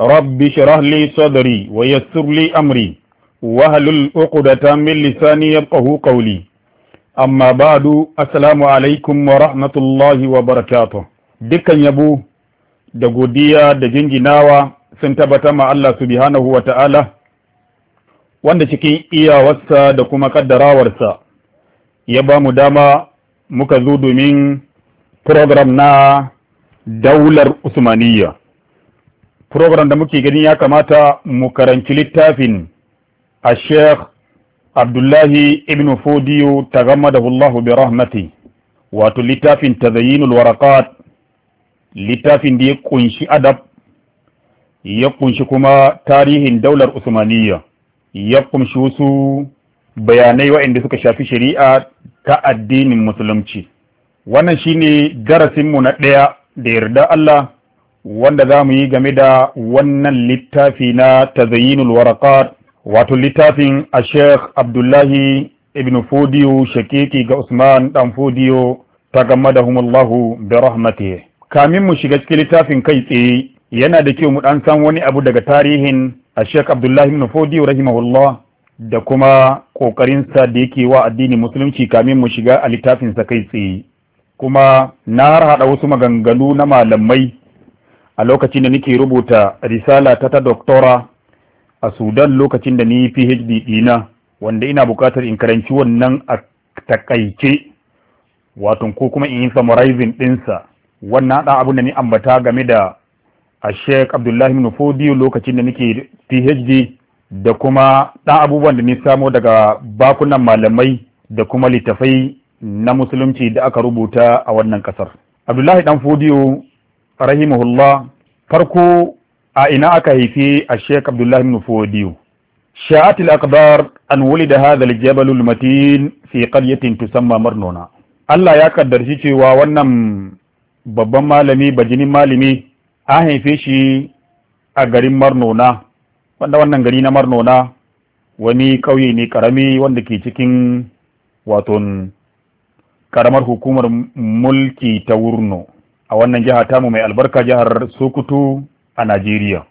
Rabbi اشرح wa صدري ويسر Amri wa وهلل عقدة من لساني يفقه قولي amma ba'du assalamu alaikum wa rahmatullahi wa barakatuh dukkan yabo da godiya da jinjinawa sun tabbata ma Allah subhanahu wa ta'ala wanda cikin iyawarsa da kuma kaddarawarsa ya ba mu dama muka zo domin program na daular usmaniyya program da muke gani ya kamata mu karanci littafin a sheikh abdullahi ibn fodiyo ta gama da hullahu bi rahmati wato littafin tazayinul warakat littafin da ya kunshi adab ya kunshi kuma tarihin daular usmaniyya ya kunshi wasu bayanai waɗanda suka shafi shari'a ta addinin musulunci wannan shine darasinmu na ɗaya da yarda Allah wanda za mu yi game da wannan littafi na tazayinul warakat wato littafin a sheikh abdullahi ibn fodiyo shakiki ga usman dan fodiyo ta gama da humallahu da rahmati kamin mu shiga cikin littafin kai tsaye yana da kyau mu dan san wani abu daga tarihin a sheikh abdullahi ibn fodiyo rahimahullah da kuma kokarinsa da yake wa addini musulunci kamin mu shiga a littafinsa kai tsaye kuma na har haɗa wasu maganganu na malamai a lokacin da nake rubuta risala ta ta doktora a Sudan lokacin da ni PhD dina wanda ina buƙatar in karanci wannan a takaice wato ko kuma in yi summarizing dinsa. wannan ɗan abin da ni ambata game da a Sheikh Abdullahi Nufodiyo lokacin da nake PhD da kuma ɗan abubuwan da ni samo daga bakunan malamai da kuma littafai na musulunci da aka rubuta a wannan ƙasar. Abdullahi ɗan Fodiyo rahimahullah farko a ina aka haifi a Sheikh Abdullah ibn Fodiyo شاءت الأقدار أن ولد هذا الجبل المتين في قرية تسمى مرنونا Allah ya kaddarci cewa wannan babban malami bajinin malami an haife shi a garin Marnona wanda wannan gari na Marnona wani ƙauye ne karami wanda ke cikin waton karamar hukumar mulki ta Wurno a wannan jiha tamu mai albarka jihar Sokoto a Najeriya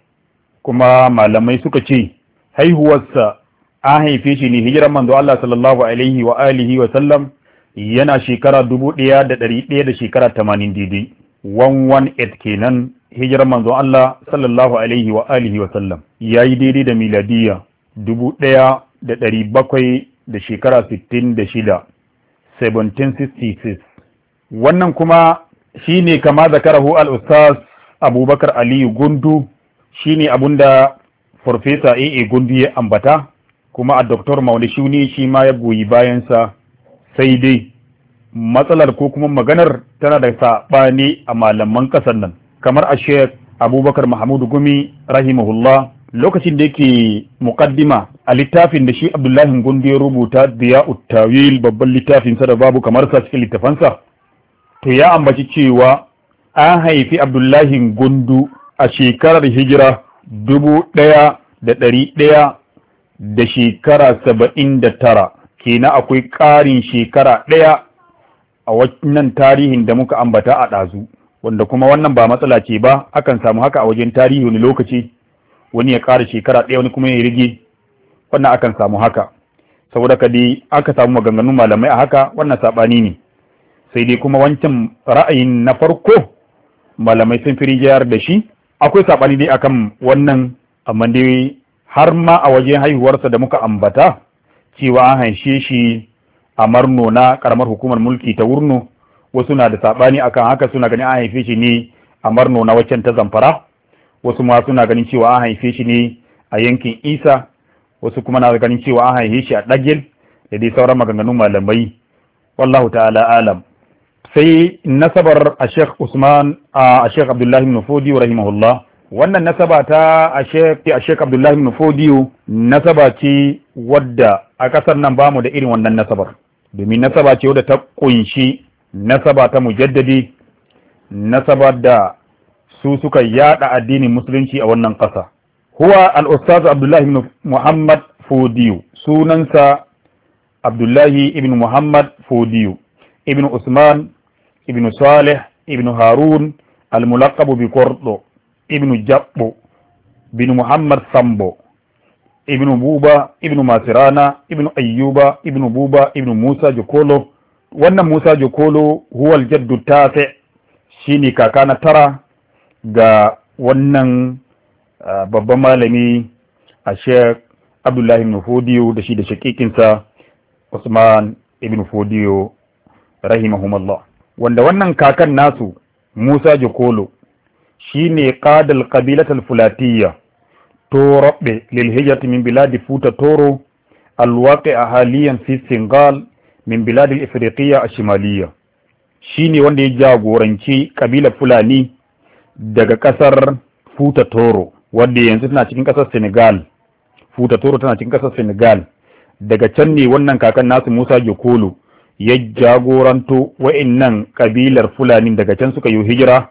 kuma malamai suka ce haihuwarsa an haife shi ne hijiran manzo Allah sallallahu alaihi wa alihi wa sallam yana shekara dubu ɗaya da ɗari ɗaya da shekara tamanin daidai one one eight kenan hijiran manzo Allah sallallahu alaihi wa alihi wa sallam ya yi daidai da miladiya dubu ɗaya da ɗari bakwai da shekara sittin da shida 1766 wannan kuma Shi ne kama zakarahu al-ustaz abubakar aliyu gundu Shi shine da farfesa AA gundu ya ambata kuma a Dr. Mauli ne shi ma ya goyi bayansa sai dai matsalar ko kuma maganar tana da saɓani a malaman ƙasar nan kamar a shek Abubakar Mahmudu Gumi rahimahullah lokacin da yake muqaddima a littafin da shi Abdullahi Gundu ya rubuta Diya'ut Tawil babban littafin sa da babu kamar sa cikin littafansa to ya ambaci cewa an haifi abdullahi gundu a shekarar hijira dubu ɗaya da ɗari ɗaya da shekara saba'in da tara kenan akwai ƙarin shekara ɗaya a wannan tarihin da muka ambata a ɗazu wanda kuma wannan ba matsala ce ba akan samu haka a wajen tarihi wani lokaci wani ya ƙara shekara ɗaya wani kuma ya rige wannan akan samu haka saboda ka dai aka samu maganganun malamai a haka wannan saɓani ne sai dai kuma wancan ra'ayin na farko malamai sun firi jayar da shi akwai saɓani dai akan wannan amma dai har ma a wajen haihuwarsa da muka ambata cewa an haishe shi a marno na karamar hukumar mulki ta wurno wasu na da saɓani akan haka suna ganin an haife shi ne a marno na waccan ta zamfara wasu ma suna ganin cewa an haife shi ne a yankin isa wasu kuma na ganin cewa an haife shi a ɗagil da dai sauran maganganun malamai wallahu ta'ala alam sai nasabar a sheikh usman a sheikh abdullahi ibn rahimahullah wannan nasaba ta a sheikh abdullahi ibn nasaba ce wadda a kasar nan bamu da irin wannan nasabar domin nasaba ce wadda ta kunshi nasaba ta mujaddadi nasaba da su suka yada addinin musulunci a wannan kasa huwa al abdullahi ibn muhammad Fodiyu. sunansa abdullahi ibn muhammad Fodiyu. ibn usman ibnu saleh ibnu harun almulakabu bi korɗo ibnu jaɓɓo binu muhammad sambo ibnu buba ibnu masirana ibnu ayyuba ibnu buba ibnu musa jokolo wannan musa jokolo huwal jaddu tafe shine kaka na tara ga wannan babban malami a sheikh abdullahi ibn fodiyo da shi da shakikinsa usman ibn fodiyo rahimahumallah wanda wannan kakan nasu Musa shi shine ƙadal ƙabilatar fulatiyya to rabbe lil min biladi futa toro a haliyan fi Senegal min biladi al a ash Shi shine wanda ya jagoranci ƙabilar Fulani daga ƙasar Futa Toro wanda yanzu tana cikin kasar Senegal Futa Toro tana cikin ƙasar Senegal daga can ne wannan kakan nasu Musa Jokolo ya jagoranto wa'innan kabilar fulani daga can suka yi hijira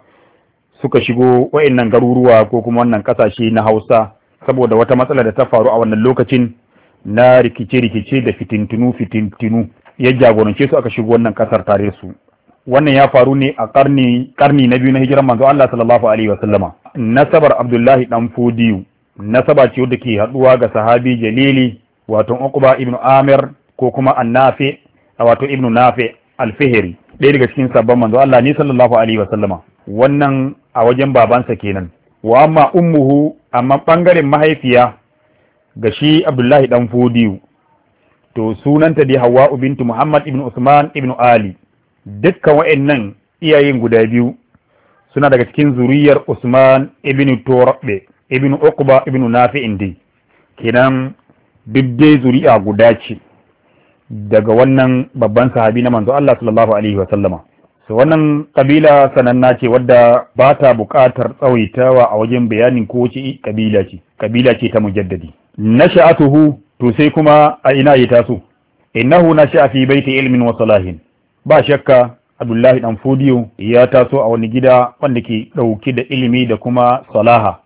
suka shigo wa'innan garuruwa ko kuma wannan kasashe na Hausa saboda wata matsala da ta faru a wannan lokacin na rikice-rikice da fitintinu fitintinu ya jagorance su aka shigo wannan kasar tare su wannan ya faru ne a karni na biyu na hijiran manzo Allah sallallahu alaihi wasallama nasabar Abdullahi dan Fodiyu nasaba ce wadda ke haɗuwa ga sahabi Jalili wato Uqba ibn Amir ko kuma Annafi a wato ibnu nafi alfihiri ɗaya daga cikin sabon manzo Allah ni sallallahu alaihi wa sallama. wannan a wajen babansa kenan wa amma ummuhu amma bangaren mahaifiya ga shi Abdullahi dan Fodiyu to sunanta dai Hauwa, bintu Muhammad ibn Usman ibn Ali dukkan wa'annan iyayen guda biyu suna daga cikin zuriyar Usman ibn Turabbe ibn Uqba ibn Nafi'in dai kenan duk dai zuri'a guda ce daga wannan babban sahabi na manzo Allah sallallahu alaihi wa sallama so wannan kabila sananna ce wadda ba ta buƙatar tsawaitawa a wajen bayanin ko wace kabila ce kabila ce ta mujaddadi nasha'atuhu to sai kuma a ina ya taso innahu nasha'a fi baiti ilmin wa salahin ba shakka Abdullahi dan Fodiyo ya taso a wani gida wanda ke ɗauke da ilimi da kuma salaha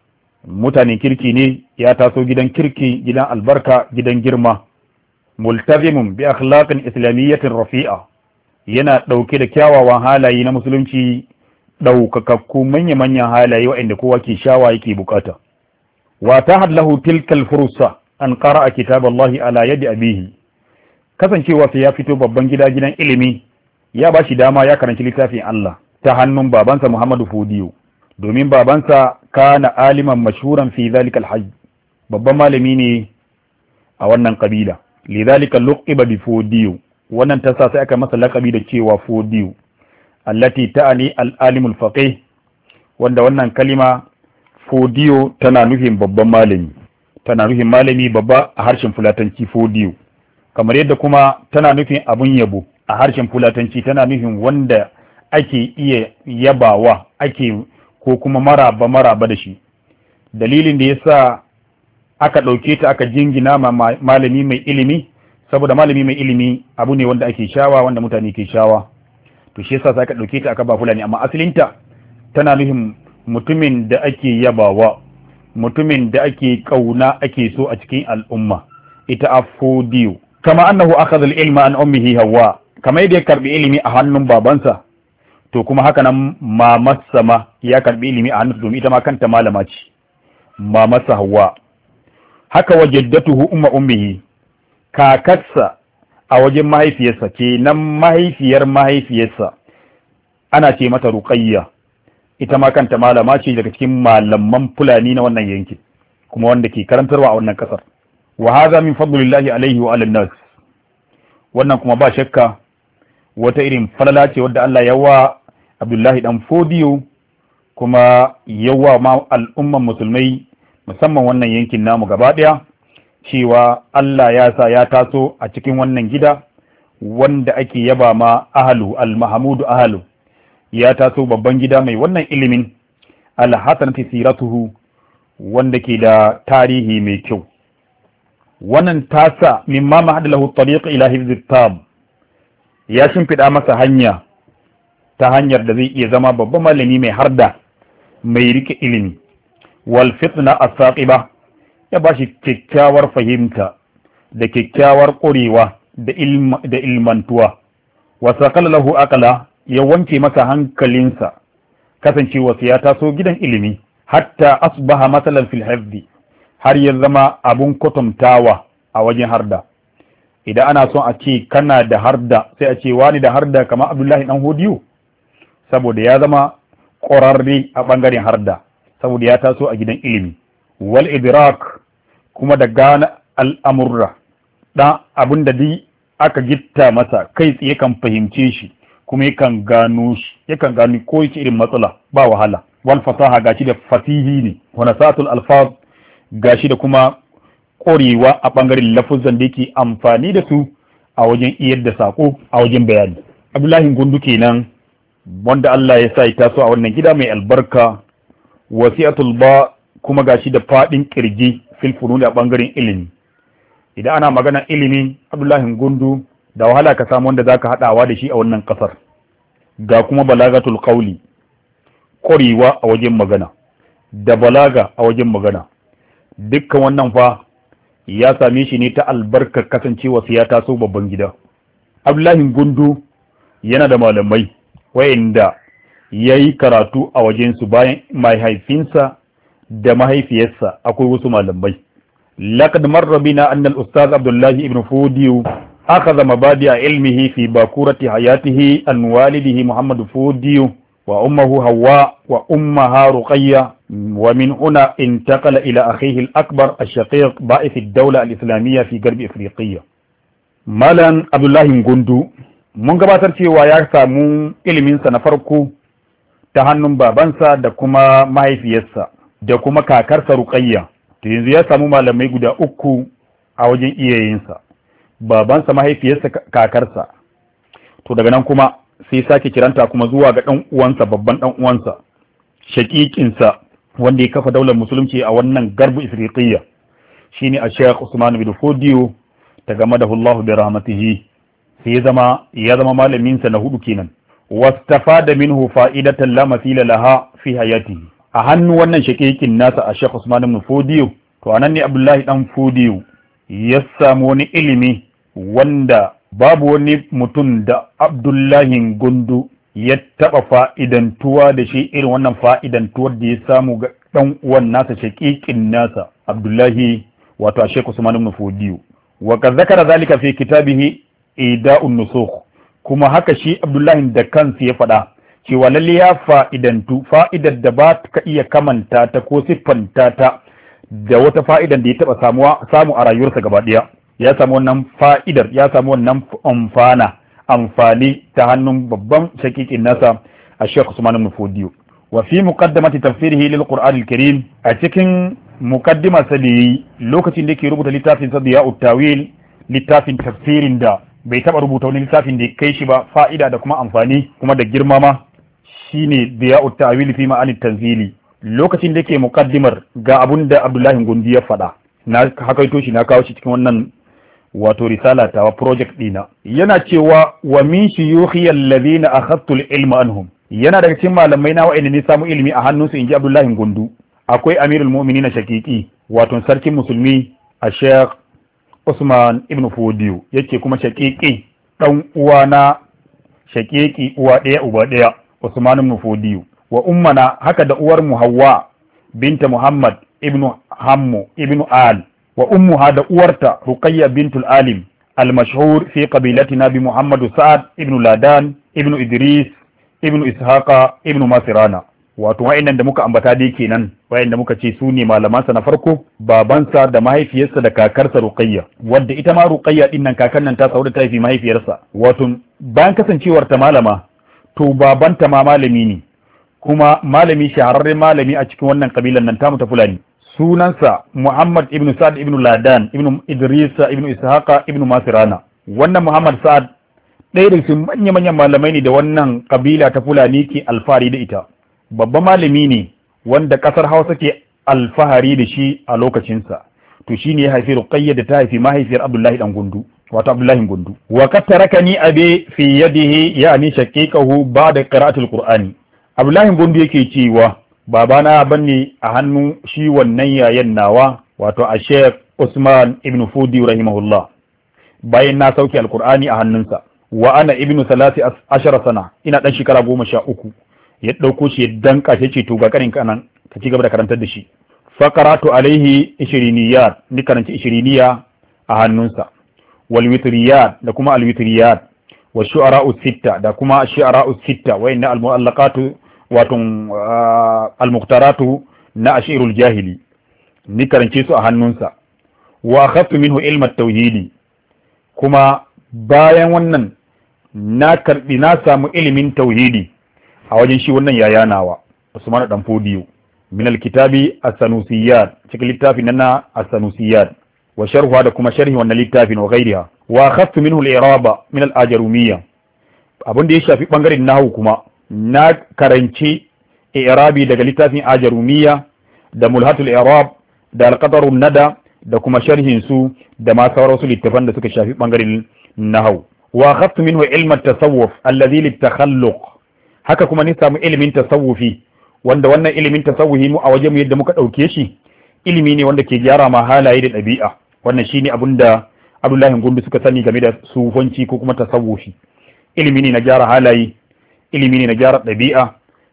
mutanen kirki ne ya taso gidan kirki gidan albarka gidan girma multazimin bi akhlaqin islamiyyatin rafi'a yana ɗauke da kyawawan halaye na musulunci ɗaukakakku manya-manyan halaye waɗanda kowa ke shawa yake bukata wa ta hallahu tilkal fursa an qara'a kitaballahi ala yadi abihi kasancewa sai ya fito babban gida gidan ilimi ya bashi dama ya karanci littafin Allah ta hannun babansa Muhammadu Fodiyo domin babansa kana aliman mashhuran fi zalikal babban malami ne a wannan kabila lidhalika luqiba bi fodiyo wannan ta sa sai aka masa lakabi da cewa fodiyo allati ta'ani al-alimul faqih wanda wannan kalima fodiyo tana nufin babban malami tana nufin malami babba a harshen fulatanci fodiyo kamar yadda kuma tana nufin abun yabo a harshen fulatanci tana nufin wanda ake iya yabawa ake ko kuma maraba maraba da shi dalilin da yasa aka ɗauke ta aka jingina ma malami mai ilimi saboda malami mai ilimi abu ne wanda ake shawa wanda mutane ke shawa to shi yasa aka ɗauke ta aka ba fulani amma asalinta tana nufin mutumin da ake yabawa mutumin da ake kauna ake so a cikin al'umma ita afodiyo kama annahu akhadha al-ilma an ummihi hawa kama yadda ya karbi ilimi a hannun babansa to kuma haka nan mamarsa ma ya karbi ilimi a hannun domin ita ma kanta malama ce mamarsa hawa haka wa jaddatuhu umma ummihi kakarsa a wajen mahaifiyarsa kenan mahaifiyar mahaifiyarsa ana ce mata ruqayya ita ma kanta malama ce daga cikin malaman fulani na wannan yankin kuma wanda ke karantarwa a wannan kasar wa hadha min fadlillahi alaihi wa ala nas wannan kuma ba shakka wata irin falala ce wadda Allah ya wa Abdullahi dan Fodiyo kuma yawa ma al'umman musulmai musamman wannan yankin namu gaba ɗaya cewa Allah ya sa ya taso a cikin wannan gida wanda ake yaba ma ahalu al-mahamudu ahalu ya taso babban gida mai wannan ilimin al-hasanati siratuhu wanda ke da tarihi mai kyau wannan tasa mimma mahad lahu tariq ila hifz ya shimfiɗa masa hanya ta hanyar da zai iya zama babban malami mai harda mai rike ilimi wal fitna as ya bashi kyakkyawar fahimta da kyakkyawar ƙurewa da da ilmantuwa wa saqala lahu aqla ya wanke masa hankalinsa kasancewarsa ya taso gidan ilimi hatta asbaha matsalar fil har ya zama abun kwatantawa a wajen harda idan ana son a ce kana da harda sai a ce wani da harda kamar abdullahi dan hodiyo saboda ya zama ƙwararre a ɓangaren harda saboda ya taso a gidan ilimi wal idrak kuma da gane al'amurra dan abin da duk aka gitta masa kai tsaye kan fahimce shi kuma yakan gano shi yakan gano ko yake irin matsala ba wahala wal fasaha gashi da fasihi ne wana satul alfaz gashi da kuma korewa a bangaren lafuzan da yake amfani da su a wajen iyar da sako a wajen bayani abdullahi gundu kenan wanda Allah ya sa ya taso a wannan gida mai albarka wasi'atul ba kuma gashi da fadin kirji fil fununi a bangaren ilimi idan ana magana ilimi abdullahi gundu da wahala ka samu wanda zaka hadawa da shi a wannan kasar ga kuma balagatul qauli korewa a wajen magana da balaga a wajen magana dukkan wannan fa ya same shi ne ta albarkar kasancewa su ya taso babban gida abdullahi gundu yana da malamai wayanda ya yi karatu a wajensu bayan mahaifinsa da mahaifiyarsa akwai wasu malamai laqad marra bina anna al-ustaz abdullahi ibn fudiyu akhadha mabadi'a ilmihi fi bakurati hayatihi an walidihi muhammad fudiyu wa ummuhu hawa wa ummaha ruqayya wa min huna intaqala ila akhihi al-akbar ash-shaqiq ba'ith ad-dawla al-islamiyya fi garb afriqiya malam abdullahi gundu mun gabatar cewa ya samu iliminsa na farko ta hannun babansa da kuma mahaifiyarsa da kuma kakarsa ruƙayya to yanzu ya samu malamai guda uku a wajen iyayensa babansa mahaifiyarsa kakarsa to daga nan kuma sai sake kiranta kuma zuwa ga ɗan uwansa babban ɗan uwansa shaƙiƙinsa wanda ya kafa daular musulunci a wannan garbu ifriqiyya shine a shek Usman bin Fodiyo ta game da Hullahu bi rahmatihi sai ya zama malaminsa na hudu kenan Wastafa wastafada minhu fa'idatan la masila laha fi hayati. a hannu wannan shakikin nasa a Sheikh Usman ibn Fodiyo to anan ne Abdullahi dan Fodiyo ya samu wani ilimi wanda babu wani mutum da Abdullahi Gundu ya taba fa'idantuwa da shi irin wannan fa'idantuwar da ya samu ga dan uwan nasa shakikin nasa Abdullahi wato a Sheikh Usman ibn wa zakara zalika fi kitabihi ida'un nusukh kuma haka shi abdullahi da kansu ya faɗa cewa lalle ya fa'idantu fa'idar da ba ka iya kamanta ta ko siffanta ta da wata fa'idar da ya taɓa samuwa samu a rayuwarsa gaba ɗaya ya samu wannan fa'idar ya samu wannan amfana amfani ta hannun babban shakikin nasa a Sheikh Usman ibn Fodiyo wa fi muqaddamati tafsirihi lil Qur'an al-Karim a cikin muqaddima sa da yayi lokacin da yake rubuta littafin sa ya Tawil littafin tafsirin da bai taɓa rubuta wani littafin da kai shi ba fa'ida da kuma amfani kuma da girma ma shine diya'ut ta'wil fi ma'anit tanzili lokacin da yake muƙaddimar ga abun da Abdullahi Gundi ya faɗa na hakaito shi na kawo shi cikin wannan wato risala ta project ɗina. yana cewa wa min shuyukhi alladhina akhadtu al-ilma anhum yana daga cikin malamai na wa'anda ne samu ilimi a hannunsu inji Abdullahi Gundu akwai Amirul Mu'minin shakiki wato sarkin musulmi a Sheikh Usman ibn Fodiyo yake kuma shaƙiƙi ɗan uwa na shaƙiƙi uwa ɗaya uba ɗaya Usman ibn Fodiyo wa ummana haka da uwar mu Hawwa binta Muhammad ibn Hammu ibn Al wa ummuha da uwarta Ruqayya bintul Alim fi في nabi Muhammadu Sa'ad Ibn Ladan, Ibn Idris, Ibn Ishaqa, Ibn Masira'na. wato wa'annan da muka ambata dai kenan wa'anda muka ce su ne malamansa na farko babansa da mahaifiyarsa da kakarsa ruqayya wadda ita ma ruqayya din nan kakan nan ta saura ta haifi mahaifiyarsa wato bayan kasancewar ta malama to babanta ma malami ne kuma malami shahararren malami a cikin wannan kabilan nan tamu ta fulani sunansa Muhammad ibn Sa'ad ibn Ladan ibn Idris ibn Ishaqa ibn Masirana wannan Muhammad Sa'ad ɗaya daga cikin manya-manyan malamai ne da wannan kabila ta fulani ke alfari da ita babba malami ne wanda kasar hausa ke alfahari da shi a lokacinsa to shi ne ya haifi ruqayya da ta haifi mahaifiyar abdullahi dan gundu wato abdullahi gundu wa kad tarakani abi fi yadihi yani shaqiqahu ba'da qira'ati alqur'ani abdullahi gundu yake cewa babana banne a hannu shi wannan yayan nawa wato a sheikh usman ibn fudi rahimahullah bayan na sauke alqur'ani a hannunsa wa ana ibnu salasi ashara sana ina dan shekara goma sha uku ya ɗauko shi ya danka shi ga kanin kanan ka ci gaba da karantar da shi fakaratu alaihi ishiriniyar ni karanci ishiriniya a hannunsa wal da kuma al witriyar wa shu'ara'u sitta da kuma shu'ara'u sitta wa inna al mu'allaqatu wato ah, al muqtaratu na ashirul jahili ni karanci su a hannunsa wa akhadtu minhu ilma tauhidi kuma bayan wannan na karbi na samu ilimin tauhidi a wajen shi wannan yaya nawa Usman dan Fodiyo min alkitabi as-sanusiyat cikin littafin nan na as-sanusiyat wa sharhuha da kuma sharhi wannan littafin wa ghairiha wa akhadtu minhu al-i'raba min al-ajrumiyya abin da ya shafi bangaren nahwu kuma na karanci i'rabi daga littafin ajrumiyya da mulhatul i'rab da al-qadarun nada da kuma sharhin su da ma sauran su littafan da suka shafi bangaren nahwu wa akhadtu minhu ilm at-tasawuf alladhi lit-takhalluq haka kuma ni samu ilimin tasawufi wanda wannan ilimin tasawufi mu a waje mu yadda muka dauke shi ilimi ne wanda ke gyara ma halaye da ɗabi'a wannan shine abin da Abdullahi Gundu suka sani game da sufanci ko kuma tasawufi ilimi ne na gyara halaye ilimi ne na gyara ɗabi'a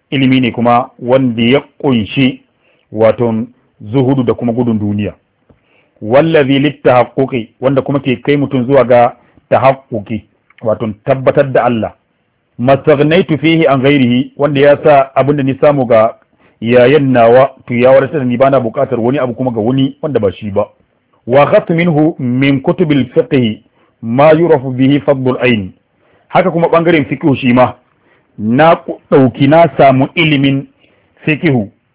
ilimi ne kuma wanda ya kunshi, wato zuhudu da kuma gudun duniya wallazi littahaqquqi wanda kuma ke kai mutum zuwa ga tahaqquqi wato tabbatar da Allah mastagnaitu fihi an ghairihi wanda ya sa abin da ni samu ga yayan nawa to ya wadatar da ni bana bukatar wani abu kuma ga wani wanda ba shi ba wa khatu minhu min kutubil fiqh ma yurafu bihi fadlul ain haka kuma bangaren fiqh shi ma na dauki na samu ilimin fiqh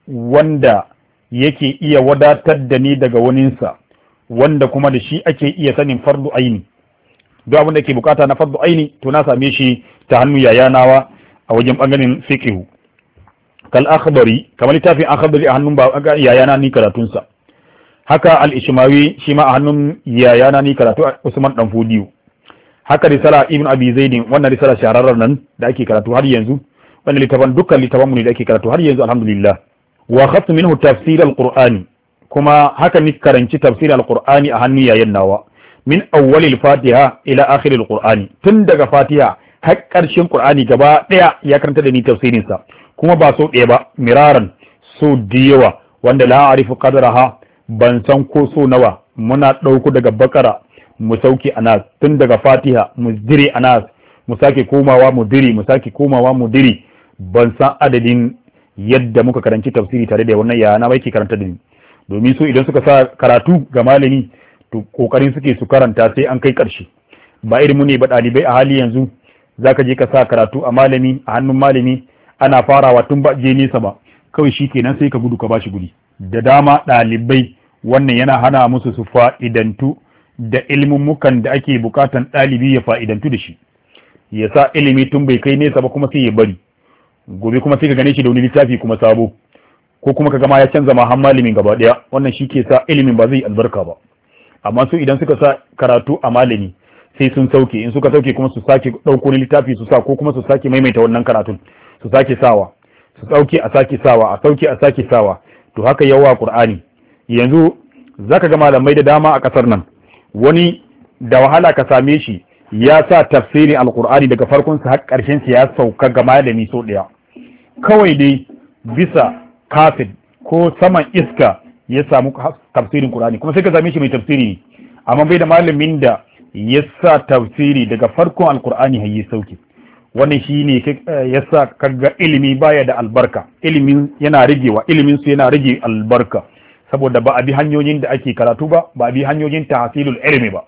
wanda yake iya wadatar da ni daga waninsa wanda kuma da shi ake iya sanin fardu aini duk abin da ke bukata na fardu aini to na same shi ta hannu yayanawa a wajen bangaren fiqh kal akhbari kamar littafin akhbari a hannun ba yayana ni karatun sa haka al ishmawi shi ma a hannun yayana ni karatu Usman dan Fodiyo haka risala ibn abi zaidin wannan risala shahararren nan da ake karatu har yanzu wannan littafin dukkan littafan mu ne da ake karatu har yanzu alhamdulillah wa khattu minhu tafsir al-qur'ani kuma haka ni karanci tafsir al-qur'ani a hannun yayan nawa min awwalil fatiha ila akhiril qur'ani tun daga fatiha har ƙarshen qur'ani gaba ɗaya ya karanta da ni tafsirin sa kuma ba so ɗaya ba miraran so diyawa wanda la arifu qadraha ban san ko so nawa muna ɗauko daga bakara mu sauke anas tun daga fatiha mu diri anas mu sake komawa mu dire mu sake komawa mu diri, ban san adadin yadda muka karanci tafsiri tare da wannan yana bai ke karanta da ni domin su idan suka sa karatu ga malami kokarin suke su karanta sai an kai karshe ba irin ne ba ɗalibai a hali yanzu za ka je ka sa karatu a malami a hannun malami ana farawa tun ba je nesa ba kawai shi kenan sai ka gudu ka bashi guri da dama ɗalibai wannan yana hana musu su fa'idantu da ilmummukan da ake bukatan ɗalibi ya fa'idantu da shi ya sa ilimi tun bai kai nesa ba kuma sai ya bari gobe kuma sai ka gane shi da wani littafi kuma sabo ko kuma ka gama ya canza ma har malamin gaba ɗaya wannan shi ke sa ilimin ba zai albarka ba amma su idan suka sa karatu a malami sai sun sauke in suka sauke kuma su sake ɗauko ni littafi su sa ko kuma su sake maimaita wannan karatun su sake sawa su sauke a sake sawa a sauke a sake sawa to haka yawa qur'ani yanzu zaka ga malamai da dama a kasar nan wani da wahala ka same shi ya sa tafsirin alqur'ani daga farkon sa har karshen sa ya sauka ga malami so daya kawai dai bisa kafin ko saman iska ya samu tafsirin Qur'ani kuma sai ka same shi mai tafsiri ne amma bai da malamin da ya sa tafsiri daga farkon alkur'ani qurani yi sauki wannan shine eh, ya sa kaga ilimi baya da albarka ilimin yana rigewa ilimin su yana rige albarka saboda ba a bi hanyoyin da ake karatu ba ba a bi hanyoyin tahsilul ilmi ba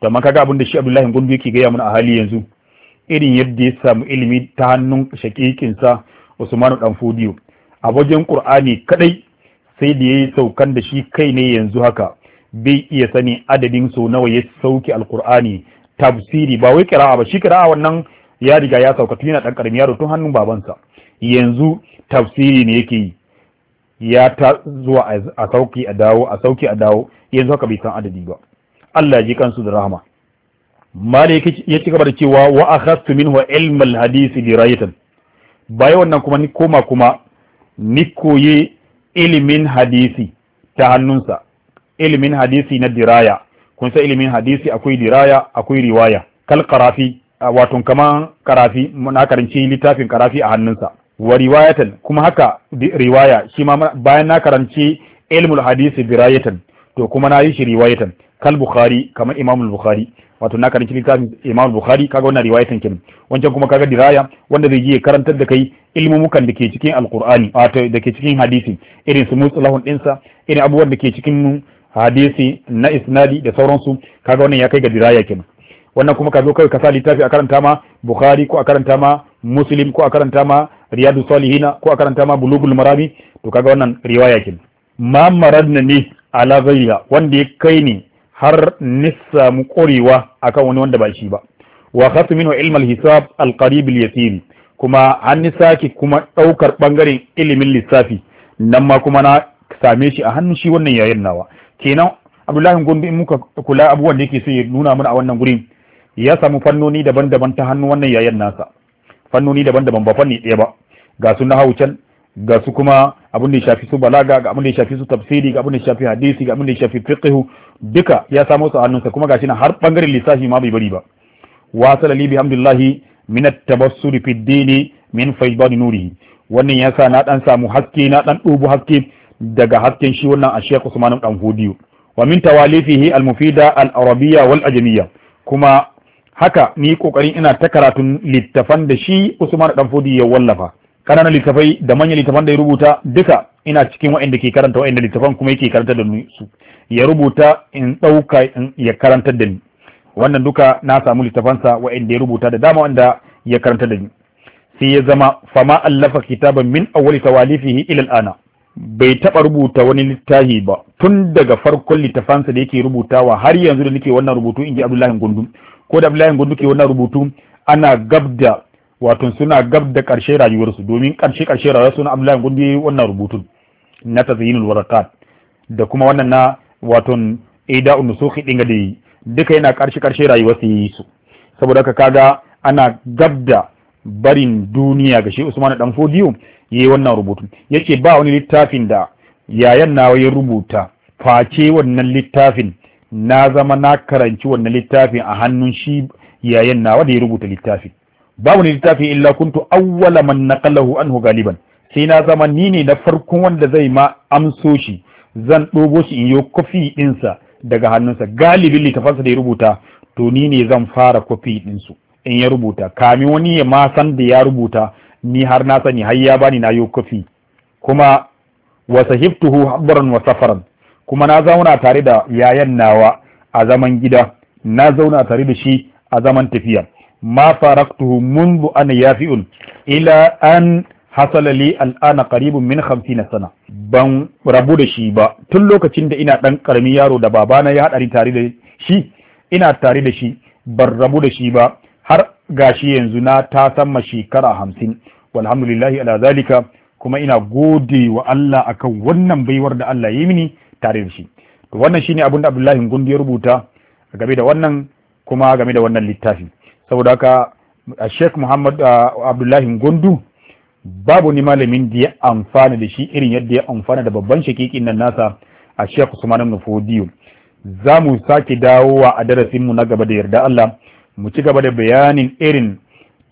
to amma kaga abin da shi Abdullahi Gundu yake gaya mana a hali yanzu irin yadda ya samu ilimi ta hannun sa Usmanu Danfodiyo a wajen Qur'ani kadai sai da ya yi saukan da shi kai ne yanzu haka bai iya sani adadin so nawa ya sauki alkur'ani tafsiri ba wai kira'a ba shi kira'a wannan ya riga ya sauka tun yana ɗan karmi yaro tun hannun babansa yanzu tafsiri ne yake yi ya ta zuwa a sauki a dawo a sauki a dawo yanzu haka bai san adadi ba Allah ji kansu da rahama malik ya ci gaba da cewa wa akhadtu minhu ilm al hadith dirayatan bai wannan kuma ni koma kuma ni koye ilimin hadisi ta hannunsa ilimin hadisi na diraya kun san ilimin hadisi akwai diraya akwai riwaya kal karafi wato kaman karafi na karanci littafin karafi a hannunsa wa riwayatan kuma haka riwaya shi ma bayan na karanci ilmul hadisi dirayatan to kuma na yi shi riwayatan kal bukhari kamar imamul bukhari wato na karanci littafin Imam Bukhari kaga wannan riwayatan kenan wancan kuma kaga diraya wanda zai je ya karantar da kai ilmumukan da ke cikin alkur'ani wato da ke cikin hadisi irin su mutsalahun dinsa irin abubuwan da ke cikin hadisi na isnadi da sauransu kaga wannan ya kai ga diraya kenan wannan kuma ka zo kai ka sa littafi a karanta ma Bukhari ko a karanta ma Muslim ko a karanta ma Riyadu Salihina ko a karanta ma Bulughul Marami to kaga wannan riwaya kenan ma maradna ne ala ghayra wanda ya kai ni har ni samu ƙorewa akan wani wanda ba shi ba wa khasu minhu ilm al-hisab al-qarib al-yasir kuma an ni saki kuma daukar bangaren ilimin lissafi nan ma kuma na same shi a hannun shi wannan yayin nawa kenan Abdullahi Gombe in muka kula abubuwan da yake so ya nuna mana a wannan gurin ya samu fannoni daban-daban ta hannun wannan yayin nasa fannoni daban-daban ba fanni ɗaya ba ga suna nahawu can ga su kuma abin da ya shafi su balaga ga abin da ya shafi su tafsiri ga abin da ya shafi hadisi ga abin da ya shafi fiqh duka ya samo su a hannunsa kuma gashi na har bangaren lissafi ma bai bari ba wa salali bihamdillahi min at-tabassur fi dini min faydan nuri wannan yasa na dan samu haske na dan dubu haske daga hasken shi wannan a Sheikh Usman dan Hudiyo wa min tawalifihi al-mufida al-arabiyya wal ajamiyya kuma haka ni kokarin ina ta karatun littafan da shi Usman dan Hudiyo ya wallafa kananan littafai da manyan littafan da ya rubuta duka ina cikin waɗanda ke karanta waɗanda littafan kuma yake karanta da su ya rubuta in ɗauka ya karanta da ni wannan duka na samu littafansa waɗanda ya rubuta da dama wanda ya karanta da ni sai ya zama fama allafa kitaban min awwali tawalifihi ila al'ana bai taɓa rubuta wani littafi ba tun daga farkon littafansa da yake rubutawa har yanzu da nake wannan rubutu in ji abdullahi gundu ko da abdullahi gundu ke wannan rubutu ana gab da wato suna gab da ƙarshe rayuwarsu domin ƙarshe ƙarshe rayuwarsu na Abdullahi Gundi wannan rubutun na tazyinul warakat da kuma wannan na wato aida unusuki dinga da yi duka yana ƙarshe ƙarshe su yi su saboda haka kaga ana gab da barin duniya ga shi Usman dan Fodiyo yayi wannan rubutun yake ba wani littafin da yayan nawa ya rubuta face wannan littafin na zama na karanci wannan littafin a hannun shi yayan nawa da ya rubuta littafin babu ni littafi illa kuntu awwala man naqalahu anhu galiban sai na zama ni ne na farko wanda zai ma amso shi zan ɗobo shi in yi kofi ɗinsa daga hannunsa galibin tafasa da ya rubuta to ni ne zan fara kofi ɗinsu in ya rubuta Kami wani ya ma san da ya rubuta ni har na sani har ya bani na yi kofi kuma wa sahibtuhu habran wa safaran kuma na zauna tare da yayan nawa a zaman gida na zauna tare da shi a zaman tafiya ma faraktuhu منذ أنا يافئ ila an hasala li al'ana qaribun min 50 sana ban rabu da shi ba tun lokacin da ina dan karami yaro da babana ya hadari tare da shi ina tare da shi ban rabu da shi ba har gashi yanzu na ta sama shekara hamsin. walhamdulillahi ala zalika kuma ina gode wa Allah akan wannan baiwar da Allah ya yi mini tare da shi to wannan shine abin da Abdullahi Gundi ya rubuta game da wannan kuma game da wannan littafin saboda haka sheik Muhammad Abdullahi Gondu babu ni malamin da ya amfana da shi irin yadda ya amfana da babban shakikin nan nasa a sheik Usman ibn Fodiyo za mu sake dawo a darasin mu na gaba da yarda Allah mu ci gaba da bayanin irin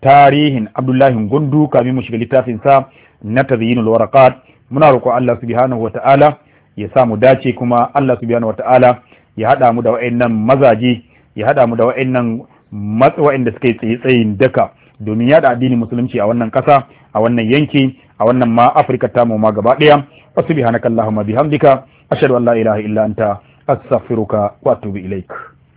tarihin Abdullahi Gondu kafin mu shiga littafin sa na tazyinul waraqat muna roƙo Allah subhanahu wata'ala ya sa mu dace kuma Allah subhanahu wata'ala ya hada mu da wa'annan mazaje ya hada mu da wa'annan waɗanda suka yi tsayin daka domin yada addinin musulunci a wannan ƙasa a wannan yanki a wannan ma afirka ta ma gaba ɗaya wasu bihanakallahumma bihamdika ashhadu an la ilaha illa anta astaghfiruka wa atubu ilaik